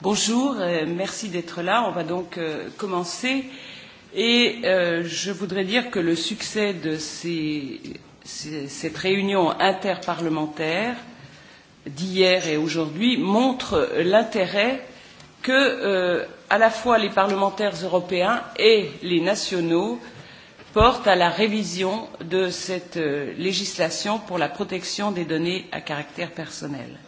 Bonjour, euh, merci d'être là. On va donc euh, commencer. Et euh, je voudrais dire que le succès de ces, ces, cette réunion interparlementaire d'hier et aujourd'hui montre l'intérêt que, euh, à la fois, les parlementaires européens et les nationaux portent à la révision de cette euh, législation pour la protection des données à caractère personnel. Euh,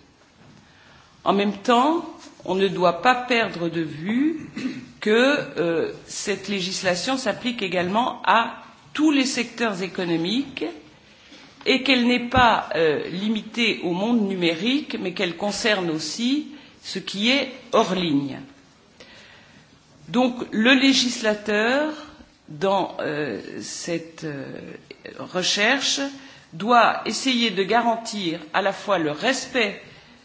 En même temps, on ne doit pas perdre de vue que euh, cette législation s'applique également à tous les secteurs économiques et qu'elle n'est pas euh, limitée au monde numérique, mais qu'elle concerne aussi ce qui est hors ligne. Donc le législateur, dans euh, cette euh, recherche, doit essayer de garantir à la fois le respect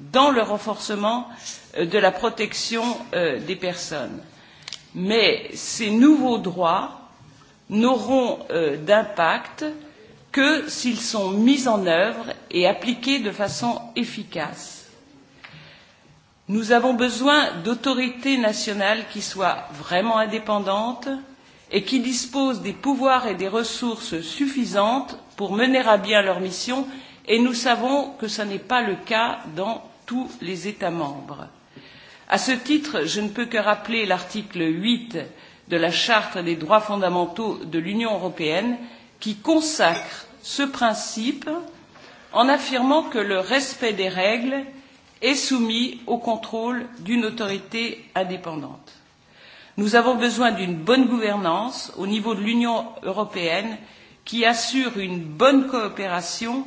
dans le renforcement euh, de la protection euh, des personnes. Mais ces nouveaux droits n'auront euh, d'impact que s'ils sont mis en œuvre et appliqués de façon efficace. Nous avons besoin d'autorités nationales qui soient vraiment indépendantes et qui disposent des pouvoirs et des ressources suffisantes pour mener à bien leur mission et nous savons que ce n'est pas le cas dans tous les États membres. À ce titre, je ne peux que rappeler l'article 8 de la Charte des droits fondamentaux de l'Union européenne qui consacre ce principe en affirmant que le respect des règles est soumis au contrôle d'une autorité indépendante. Nous avons besoin d'une bonne gouvernance au niveau de l'Union européenne qui assure une bonne coopération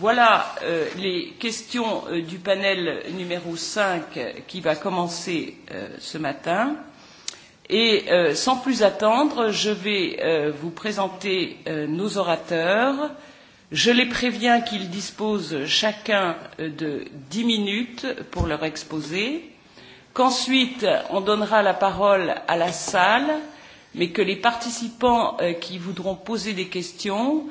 Voilà euh, les questions euh, du panel numéro 5 euh, qui va commencer euh, ce matin. Et euh, sans plus attendre, je vais euh, vous présenter euh, nos orateurs. Je les préviens qu'ils disposent chacun euh, de dix minutes pour leur exposé, qu'ensuite on donnera la parole à la salle, mais que les participants euh, qui voudront poser des questions euh,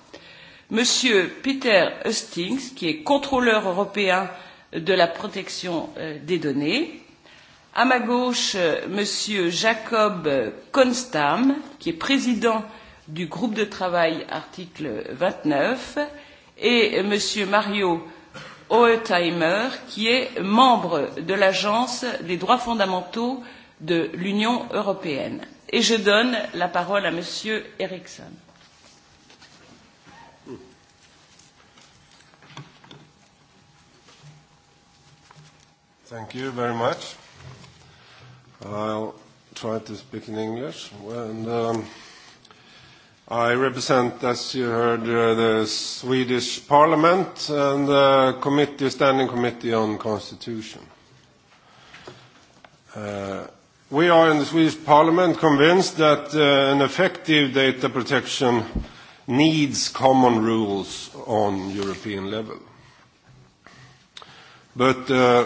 M. Peter Hustings, qui est contrôleur européen de la protection euh, des données. À ma gauche, euh, M. Jacob Constam, qui est président du groupe de travail article 29, et M. Mario Hoetheimer, qui est membre de l'Agence des droits fondamentaux de l'Union européenne. Et je donne la parole à M. Eriksson. Thank you very much. I'll try to speak in English. And, um, I represent, as you heard, uh, the Swedish Parliament and the committee, Standing Committee on Constitution. Uh, we are in the Swedish Parliament convinced that uh, an effective data protection needs common rules on European level. But uh,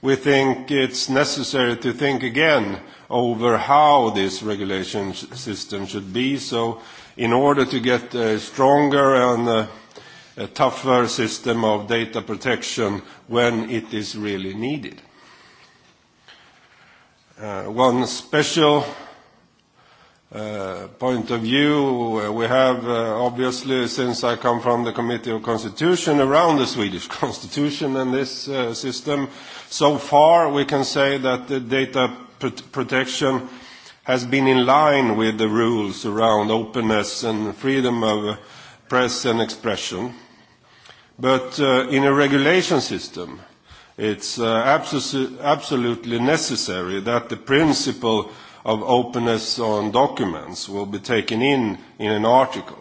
we think it's necessary to think again over how this regulation system should be. So in order to get a stronger and a, a tougher system of data protection when it is really needed. Uh, one special Uh, point of view. Uh, we have, uh, obviously, since I come from the Committee of Constitution, around the Swedish Constitution and this uh, system. So far, we can say that the data prot protection has been in line with the rules around openness and freedom of press and expression. But uh, in a regulation system, it's uh, abso absolutely necessary that the principle uh, of openness on documents will be taken in in an article.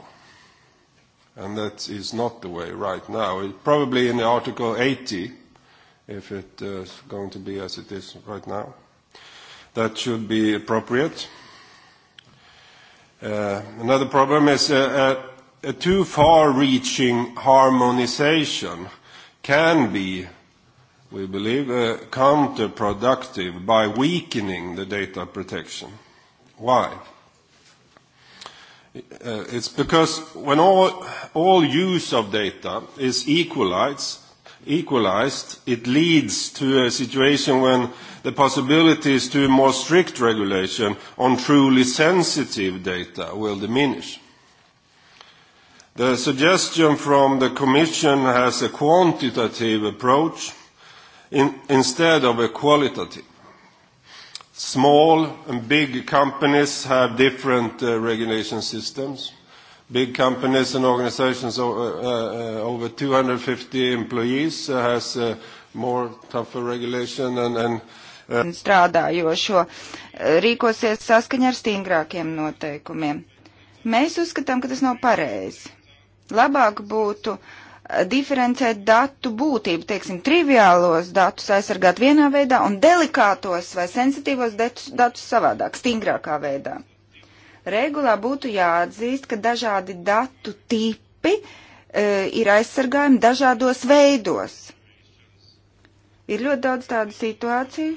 And that is not the way right now. It, probably in Article 80, if it uh, is uh, going to be as it is right now. That should be appropriate. Uh, another problem is uh, a, uh, a too far-reaching harmonization can be we believe, uh, counterproductive by weakening the data protection. Why? Uh, it's because when all, all use of data is equalized, equalized, it leads to a situation when the possibilities to more strict regulation on truly sensitive data will diminish. The suggestion from the Commission has a quantitative approach in, instead of equality. Small and big companies have different uh, regulation systems. Big companies and organizations over, uh, uh, uh, over 250 employees uh, has uh, more tougher regulation and, and uh, strādājošo uh, rīkosies saskaņā ar stingrākiem noteikumiem. Mēs uzskatām, ka tas nav pareizi. Labāk būtu uh, diferencēt datu būtību, teiksim, triviālos datus aizsargāt vienā veidā un delikātos vai sensitīvos datus, datus savādāk, stingrākā veidā. Regulā būtu jāatzīst, ka dažādi datu tipi e, ir aizsargājumi dažādos veidos. Ir ļoti daudz tādu situāciju,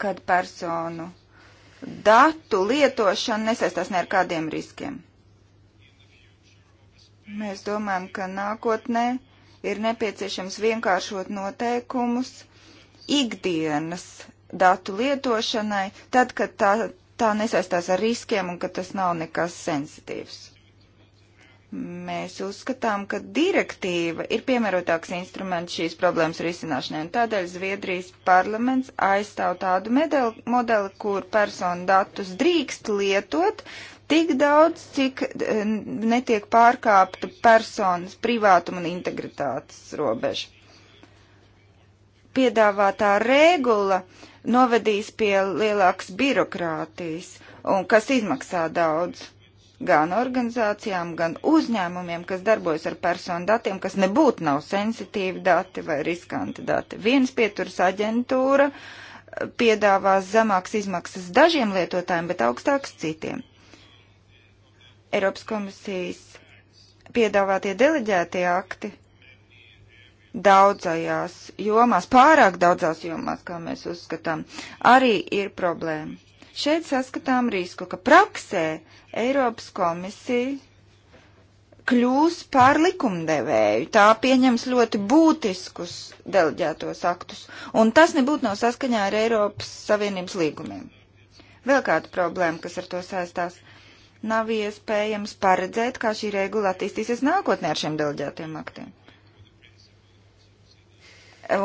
kad personu datu lietošana nesaistās ne ar kādiem riskiem. Mēs domājam, ka nākotnē ir nepieciešams vienkāršot noteikumus ikdienas datu lietošanai, tad, kad tā, tā nesaistās ar riskiem un ka tas nav nekas sensitīvs. Mēs uzskatām, ka direktīva ir piemērotāks instruments šīs problēmas risināšanai, un tādēļ Zviedrijas parlaments aizstāv tādu medeli, modeli, kur personu datus drīkst lietot, tik daudz, cik e, netiek pārkāpta personas privātuma un integritātes robeža. Piedāvātā regula novedīs pie lielākas birokrātijas, un kas izmaksā daudz gan organizācijām, gan uzņēmumiem, kas darbojas ar personu datiem, kas nebūtu nav sensitīvi dati vai riskanti dati. Viens pieturs aģentūra e, piedāvās zemāks izmaksas dažiem lietotājiem, bet augstāks citiem. Eiropas komisijas piedāvātie deleģētie akti daudzajās jomās, pārāk daudzās jomās, kā mēs uzskatām, arī ir problēma. Šeit saskatām risku, ka praksē Eiropas komisija kļūs par likumdevēju. Tā pieņems ļoti būtiskus deleģētos aktus, un tas nebūtu nav saskaņā ar Eiropas Savienības līgumiem. Vēl kāda problēma, kas ar to saistās nav iespējams paredzēt, kā šī regula attīstīsies nākotnē ar šiem deleģētiem aktiem.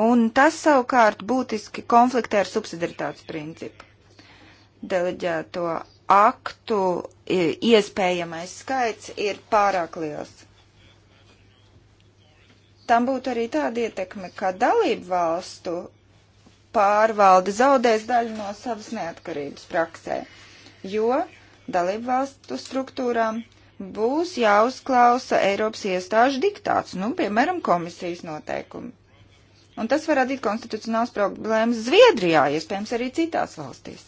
Un tas savukārt būtiski konfliktē ar subsidaritātes principu. Deleģēto aktu iespējamais skaits ir pārāk liels. Tam būtu arī tāda ietekme, ka dalību valstu pārvalde zaudēs daļu no savas neatkarības praksē, jo dalību valstu struktūrām būs jāuzklausa Eiropas iestāžu diktāts, nu, piemēram, komisijas noteikumi. Un tas var radīt konstitucionāls problēmas Zviedrijā, iespējams, arī citās valstīs.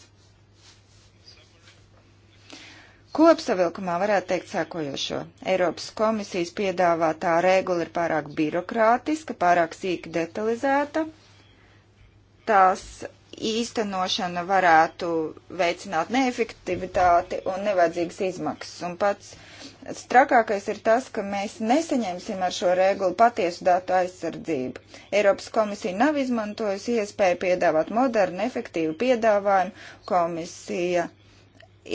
Kopsavilkumā varētu teikt sēkojošo. Eiropas komisijas piedāvātā regula ir pārāk birokrātiska, pārāk sīki detalizēta. Tās īstenošana varētu veicināt neefektivitāti un nevajadzīgas izmaksas. Un pats Strakākais ir tas, ka mēs nesaņemsim ar šo regulu patiesu datu aizsardzību. Eiropas komisija nav izmantojusi iespēju piedāvāt modernu, efektīvu piedāvājumu. Komisija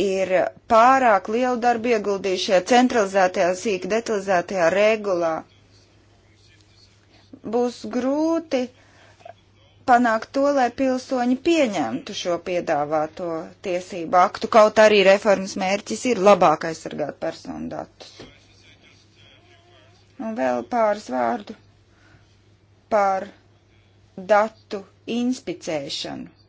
ir pārāk lielu darbu ieguldījušajā centralizētajā, sīk detalizētajā regulā. Būs grūti panākt to, lai pilsoņi pieņemtu šo piedāvāto tiesību aktu, kaut arī reformas mērķis ir labāk aizsargāt personu datus. Un vēl pāris vārdu par datu inspicēšanu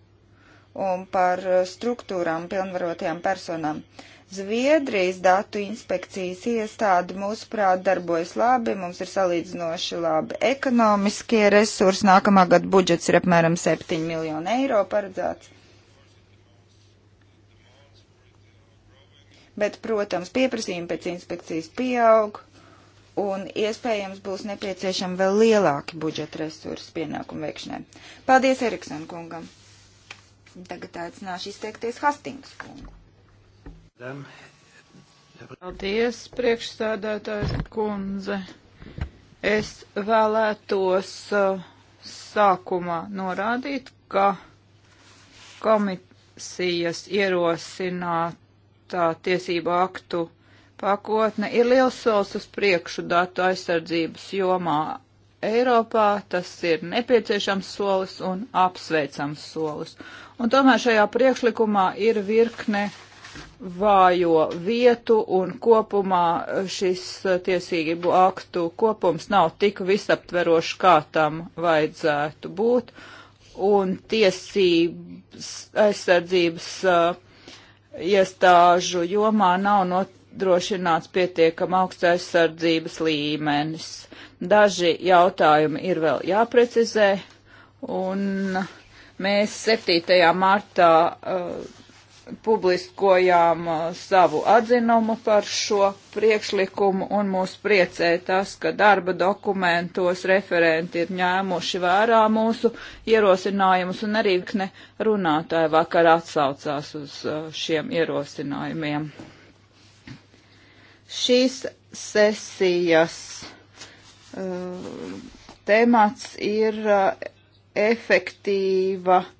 un par struktūrām pilnvarotajām personām. Uh, Zviedrijas datu inspekcijas iestāde mūsuprāt darbojas labi, mums ir salīdzinoši labi ekonomiskie resursi, nākamā gada budžets ir apmēram 7 miljonu eiro paredzēts. Bet, protams, pieprasījumi pēc inspekcijas pieaug, un iespējams būs nepieciešami vēl lielāki budžeta resursi pienākumu veikšanai. Paldies Eriksona kungam! Tagad aicināšu izteikties Hastings kungu. Paldies, priekšsēdētājs kundze. Es vēlētos uh, sākumā norādīt, ka komisijas ierosinātā tiesību aktu pakotne ir liels solis uz priekšu datu aizsardzības jomā Eiropā. Tas ir nepieciešams solis un apsveicams solis. Un tomēr šajā priekšlikumā ir virkne vājo vietu un kopumā šis tiesību aktu kopums nav tik visaptverošs, kā tam vajadzētu būt. Un tiesības aizsardzības uh, iestāžu jomā nav nodrošināts pietiekam augsts aizsardzības līmenis. Daži jautājumi ir vēl jāprecizē, un mēs 7. martā uh, publiskojām uh, savu atzinumu par šo priekšlikumu un mūs priecē tas, ka darba dokumentos referenti ir ņēmuši vērā mūsu ierosinājumus un arī kne runātāji vakar atsaucās uz uh, šiem ierosinājumiem. Šīs sesijas uh, temats ir uh, efektīva uh,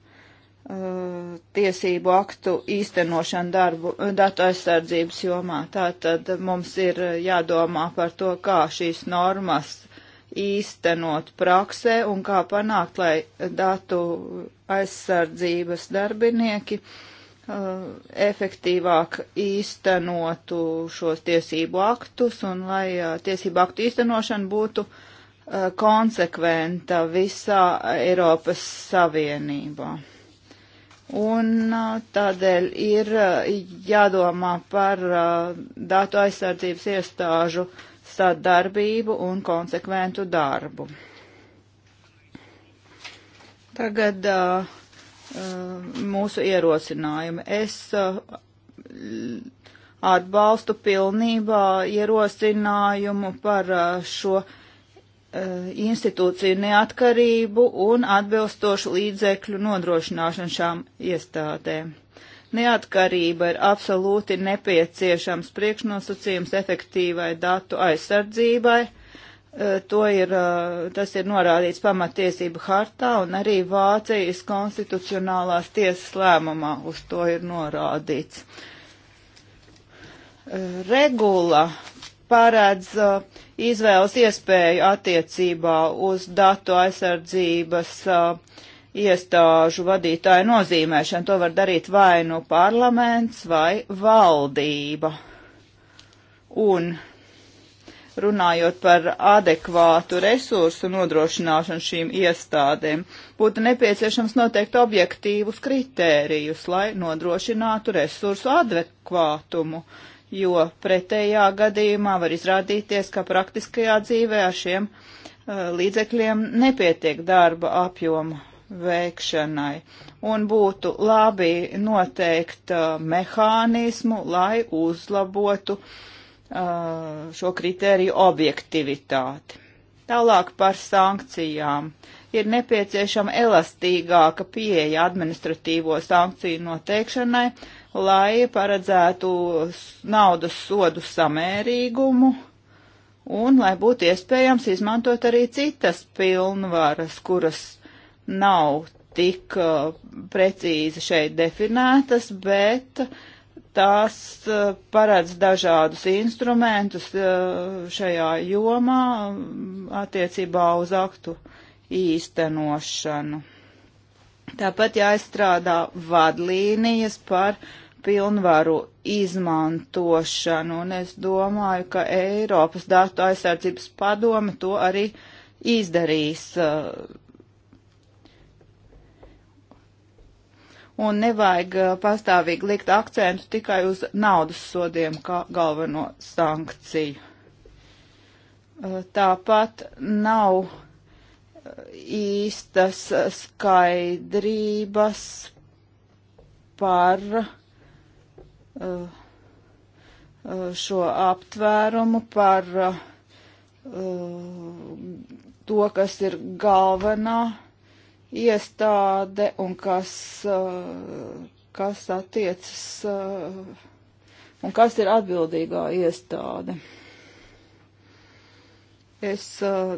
tiesību aktu īstenošanu darbu datu aizsardzības jomā. Tātad mums ir jādomā par to, kā šīs normas īstenot praksē un kā panākt, lai datu aizsardzības darbinieki uh, efektīvāk īstenotu šos tiesību aktus un lai uh, tiesību aktu īstenošana būtu uh, konsekventa visā Eiropas Savienībā. Un tādēļ ir jādomā par datu aizsardzības iestāžu sadarbību un konsekventu darbu. Tagad uh, mūsu ierosinājumi. Es uh, atbalstu pilnībā ierosinājumu par uh, šo Eh, institūciju neatkarību un atbilstošu līdzekļu nodrošināšanu šām iestādēm. Neatkarība ir absolūti nepieciešams priekšnosacījums efektīvai datu aizsardzībai. Eh, to ir, eh, tas ir norādīts pamatiesību hartā un arī Vācijas konstitucionālās tiesas lēmumā uz to ir norādīts. Regula paredz uh, izvēles iespēju attiecībā uz datu aizsardzības uh, iestāžu vadītāju nozīmēšanu. To var darīt vai nu parlaments, vai valdība. Un runājot par adekvātu resursu nodrošināšanu šīm iestādēm, būtu nepieciešams noteikt objektīvus kritērijus, lai nodrošinātu resursu adekvātumu. Uh, jo pretējā gadījumā var izrādīties, ka praktiskajā dzīvē ar šiem uh, līdzekļiem nepietiek darba apjoma veikšanai. Un būtu labi noteikt uh, mehānismu, lai uzlabotu uh, šo kritēriju objektivitāti. Tālāk par sankcijām. Ir nepieciešama elastīgāka pieeja administratīvo sankciju noteikšanai, lai paredzētu naudas sodu samērīgumu un lai būtu iespējams izmantot arī citas pilnvaras, kuras nav tik uh, precīzi šeit definētas, bet tās uh, paredz dažādus instrumentus uh, šajā jomā um, attiecībā uz aktu īstenošanu. Tāpat jāizstrādā vadlīnijas par uh, pilnvaru izmantošanu, un es domāju, ka Eiropas datu aizsardzības padome to arī izdarīs. Un nevajag uh, pastāvīgi likt akcentu tikai uz naudas sodiem kā galveno sankciju. Uh, tāpat nav uh, īstas skaidrības par Eh, šo aptvērumu par eh, to, kas ir galvenā iestāde un kas, eh, kas attiecas un kas ir atbildīgā iestāde. Es uh,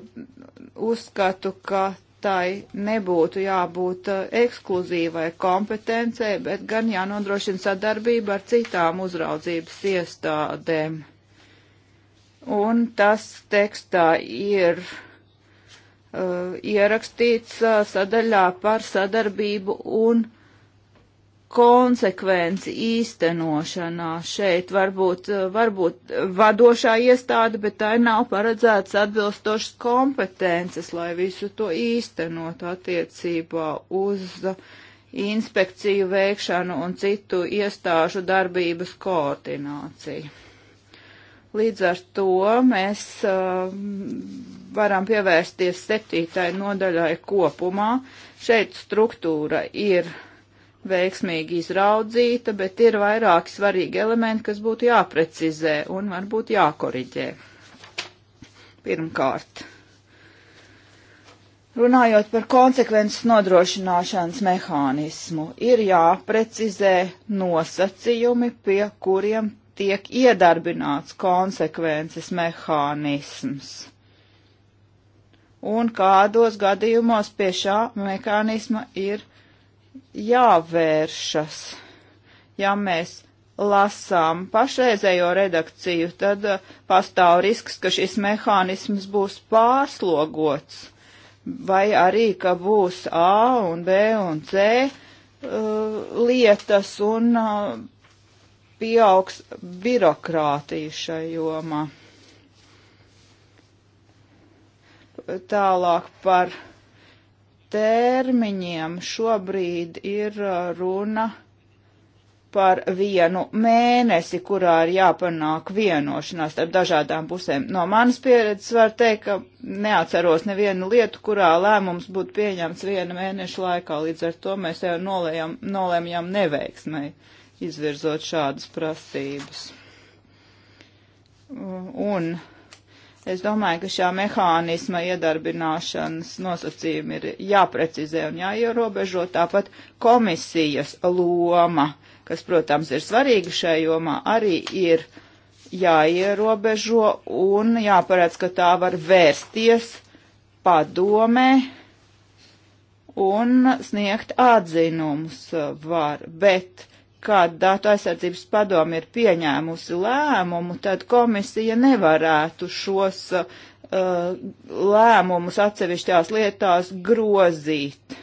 uzskatu, ka tai nebūtu jābūt uh, ekskluzīvai kompetencei, bet gan jānodrošina sadarbība ar citām uzraudzības iestādēm. Un tas tekstā ir uh, ierakstīts uh, sadaļā par sadarbību un konsekvenci īstenošanā šeit varbūt, varbūt vadošā iestāde, bet tai nav paredzēts atbilstošas kompetences, lai visu to īstenot attiecībā uz inspekciju veikšanu un citu iestāžu darbības koordināciju. Līdz ar to mēs uh, varam pievērsties septītai nodaļai kopumā. Šeit struktūra ir veiksmīgi izraudzīta, bet ir vairāki svarīgi elementi, kas būtu jāprecizē un varbūt jākoriģē. Pirmkārt, runājot par konsekvences nodrošināšanas mehānismu, ir jāprecizē nosacījumi, pie kuriem tiek iedarbināts konsekvences mehānisms un kādos gadījumos pie šā mehānisma ir jāprecizē jāvēršas. Ja mēs lasām pašreizējo redakciju, tad uh, pastāv risks, ka šis mehānisms būs pārslogots, vai arī, ka būs A un B un C uh, lietas un uh, pieaugs birokrātija šajā jomā. Tālāk par termiņiem šobrīd ir uh, runa par vienu mēnesi, kurā ir jāpanāk vienošanās starp dažādām pusēm. No manas pieredzes var teikt, ka neatceros nevienu lietu, kurā lēmums būtu pieņemts viena mēneša laikā, līdz ar to mēs jau nolējam, nolēmjam neveiksmei izvirzot šādas prasības. Un, un Es domāju, ka šā mehānisma iedarbināšanas nosacījumi ir jāprecizē un jāierobežo. Tāpat komisijas loma, kas, protams, ir svarīga šajā jomā, arī ir jāierobežo un jāparedz, ka tā var vērsties padomē un sniegt atzinumus var, bet kad Datu aizsardzības padomi ir pieņēmusi lēmumu, tad komisija nevarētu šos uh, lēmumus atsevišķās lietās grozīt.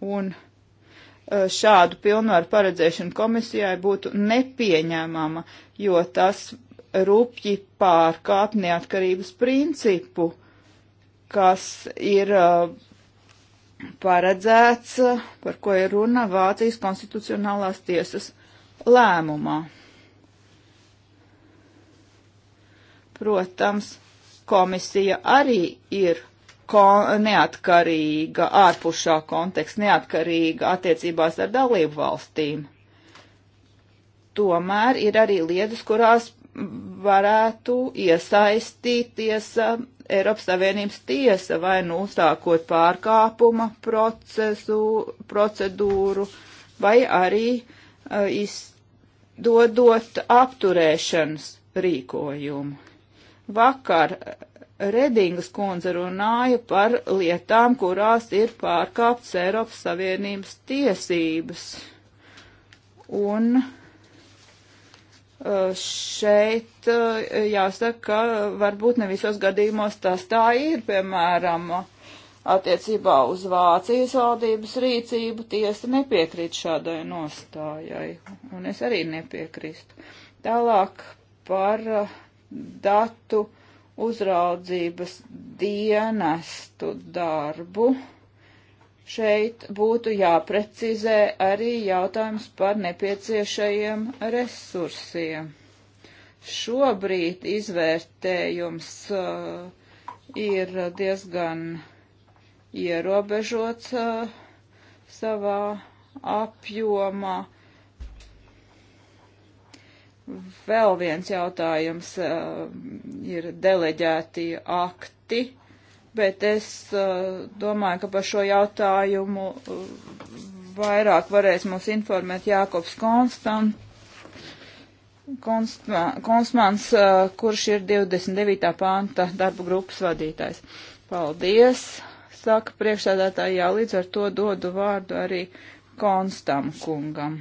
Un uh, šādu pilnvaru paredzēšanu komisijai būtu nepieņēmama, jo tas rupji pārkāp neatkarības principu, kas ir uh, paredzēts, par ko ir runa Vācijas konstitucionālās tiesas lēmumā. Protams, komisija arī ir kon neatkarīga ārpus šā konteksta, neatkarīga attiecībās ar dalību valstīm. Tomēr ir arī lietas, kurās varētu iesaistīties Eiropas Savienības tiesa vai nu uzsākot pārkāpuma procesu, procedūru vai arī uh, izdodot apturēšanas rīkojumu. Vakar uh, Redingas kundze runāja par lietām, kurās ir pārkāptas Eiropas Savienības tiesības. Un uh, Eh, šeit eh, jāsaka, ka varbūt ne visos gadījumos tas tā ir, piemēram, attiecībā uz Vācijas valdības rīcību tiesa nepiekrīt šādai nostājai, un es arī nepiekrīstu. Tālāk par eh, datu uzraudzības dienestu darbu. Uh, šeit būtu jāprecizē arī jautājums par nepieciešajiem resursiem. Šobrīd izvērtējums uh, ir diezgan ierobežots uh, savā apjomā. Vēl viens jautājums uh, ir deleģēti akti bet es uh, domāju, ka par šo jautājumu uh, vairāk varēs mūs informēt Jākops Konstant, Konstma, Konstmans, uh, kurš ir 29. panta darba grupas vadītājs. Paldies, saka priekšsēdētāji, jā, līdz ar to dodu vārdu arī Konstam kungam.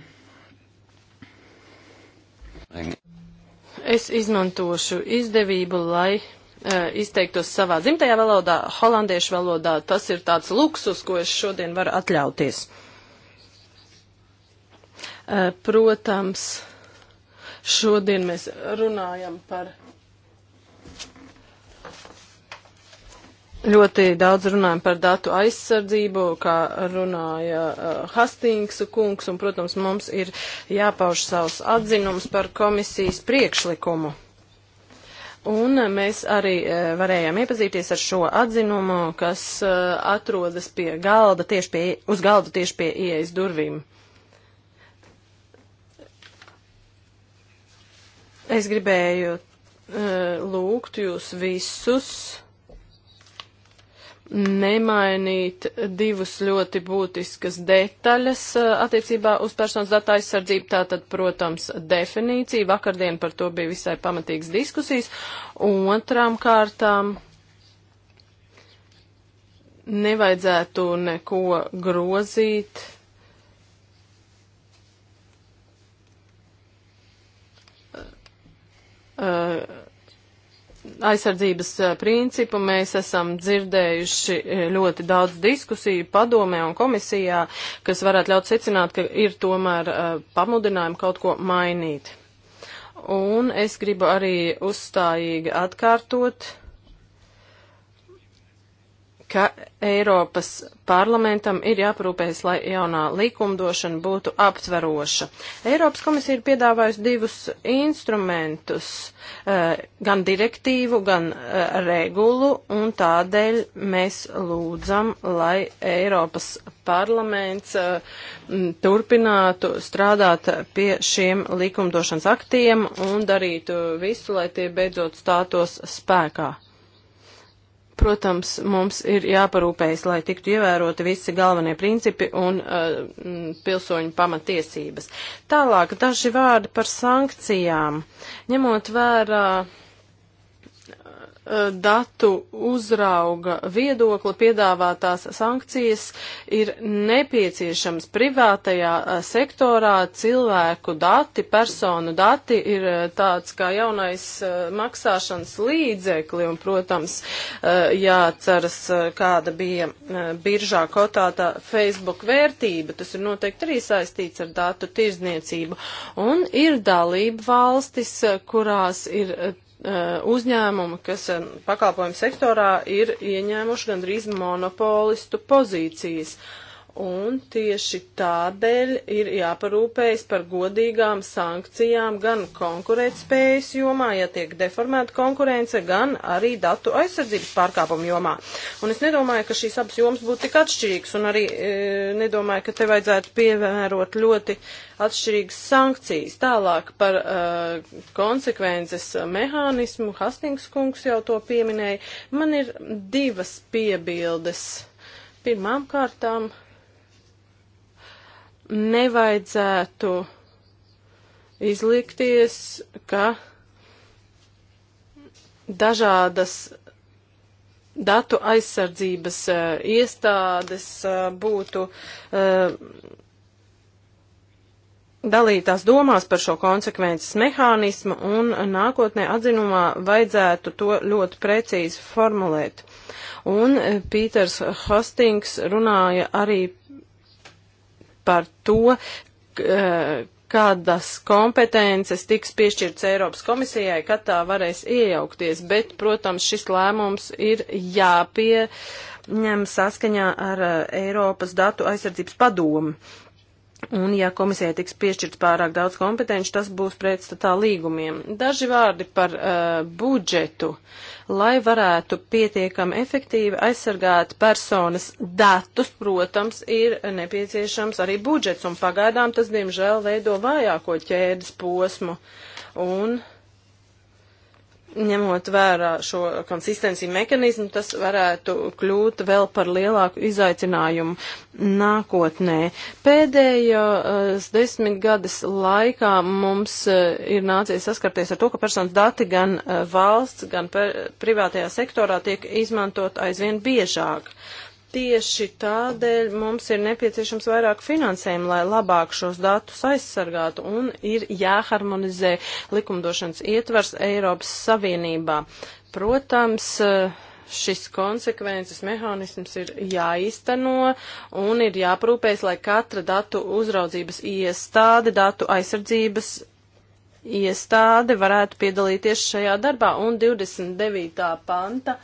Es izmantošu izdevību, lai E, izteiktos savā dzimtajā valodā, holandiešu valodā. Tas ir tāds luksus, ko es šodien varu atļauties. E, protams, šodien mēs runājam par Ļoti daudz runājam par datu aizsardzību, kā runāja uh, e, Hastingsa kungs, un, protams, mums ir jāpauž savs atzinums par komisijas priekšlikumu. Un mēs arī e, varējām iepazīties ar šo atzinumu, kas e, atrodas pie galda, tieši pie, uz galda tieši pie ieejas durvīm. Es gribēju e, lūgt jūs visus nemainīt divas ļoti būtiskas detaļas eh, attiecībā uz personas datu aizsardzību. Tātad, protams, definīcija. Vakardien par to bija visai pamatīgas diskusijas. Un otrām kārtām nevajadzētu neko grozīt. Uh, aizsardzības eh, principu mēs esam dzirdējuši eh, ļoti daudz diskusiju padomē un komisijā, kas varētu ļaut secināt, ka ir tomēr eh, pamudinājumi kaut ko mainīt. Un es gribu arī uzstājīgi atkārtot, ka Eiropas parlamentam ir jāparūpējas, lai jaunā likumdošana būtu aptveroša. Eiropas komisija ir piedāvājusi divus instrumentus, eh, gan direktīvu, gan eh, regulu, un tādēļ mēs lūdzam, lai Eiropas parlaments eh, turpinātu strādāt pie šiem likumdošanas aktiem un darītu visu, lai tie beidzot stātos spēkā. Protams, mums ir jāparūpējas, lai tiktu ievēroti visi galvenie principi un uh, pilsoņu pamatiesības. Tālāk daži vārdi par sankcijām. Ņemot vērā. Uh, datu uzrauga viedokli piedāvātās sankcijas ir nepieciešams privātajā sektorā cilvēku dati, personu dati ir tāds kā jaunais maksāšanas līdzekli un, protams, jāceras, kāda bija biržā kotētā Facebook vērtība. Tas ir noteikti arī saistīts ar datu tirzniecību. Un ir dalība valstis, kurās ir Uh, uzņēmumu, kas um, pakalpojumu sektorā ir ieņēmuši gandrīz monopolistu pozīcijas. Uh, Un tieši tādēļ ir jāparūpējas par godīgām sankcijām gan konkurētspējas jomā, ja tiek deformēta konkurence, gan arī datu aizsardzības pārkāpumu jomā. Un es nedomāju, ka šīs abas jomas būtu tik atšķirīgas, un arī e, nedomāju, ka te vajadzētu pievērot ļoti atšķirīgas sankcijas. Tālāk par e, konsekvences mehānismu Hastings kungs jau to pieminēja. Man ir divas piebildes. Pirmām kārtām nevajadzētu izlikties, ka dažādas datu aizsardzības uh, iestādes uh, būtu uh, dalītās domās par šo konsekvences mehānismu un nākotnē atzinumā vajadzētu to ļoti precīzi formulēt. Un Pīters Hastings runāja arī par to, eh, kādas kompetences tiks piešķirts Eiropas komisijai, kad tā varēs iejaukties, bet, protams, šis lēmums ir jāpieņem saskaņā ar eh, Eiropas datu aizsardzības padomu. Un, ja komisijai tiks piešķirts pārāk daudz kompetenci, tas būs pretstatā līgumiem. Daži vārdi par uh, budžetu, lai varētu pietiekami efektīvi aizsargāt personas datus, protams, ir nepieciešams arī budžets, un pagaidām tas, diemžēl, veido vājāko ķēdes posmu. Un, uh, ņemot vērā šo konsistenciju mekanizmu, tas varētu kļūt vēl par lielāku izaicinājumu nākotnē. Pēdējos eh, desmit gadas laikā mums eh, ir nācies saskarties ar to, ka personas dati gan eh, valsts, gan privātajā sektorā tiek izmantot aizvien biežāk. Uh, Tieši tādēļ mums ir nepieciešams vairāk finansējumu, lai labāk šos datus aizsargātu un ir jāharmonizē likumdošanas ietvers Eiropas Savienībā. Protams, šis konsekvences mehānisms ir jāīsteno un ir jāprūpēs, lai katra datu uzraudzības iestāde, datu aizsardzības iestāde varētu piedalīties šajā darbā un 29. panta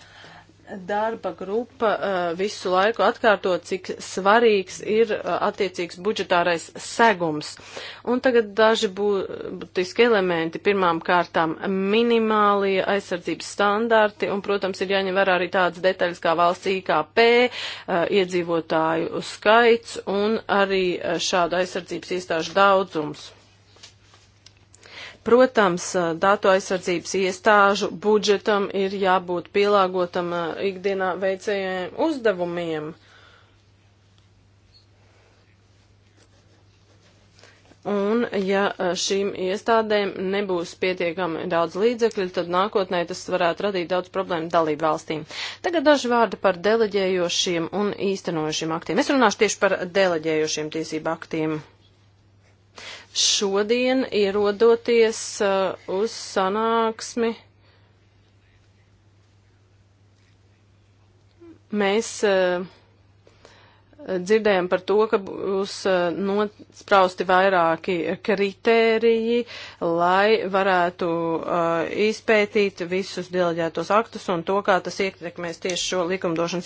darba grupa uh, visu laiku atkārto, cik svarīgs ir uh, attiecīgs budžetārais segums. Un tagad daži būtiski elementi. Pirmām kārtām minimālie aizsardzības standarti, un, protams, ir jāņem vērā arī tādas detaļas kā valsts IKP, uh, iedzīvotāju skaits un arī šāda aizsardzības iestāžu daudzums. Protams, datu aizsardzības iestāžu budžetam ir jābūt pielāgotam ikdienā veicējiem uzdevumiem. Un, ja šīm iestādēm nebūs pietiekami daudz līdzekļu, tad nākotnē tas varētu radīt daudz problēmu dalību valstīm. Tagad daži vārdi par deleģējošiem un īstenojošiem aktiem. Es runāšu tieši par deleģējošiem tiesību aktiem šodien ierodoties uh, uz sanāksmi. Mēs uh, dzirdējām par to, ka būs uh, nosprausti vairāki kritēriji, lai varētu uh, izpētīt visus deleģētos aktus un to, kā tas ietekmēs tieši šo likumdošanas.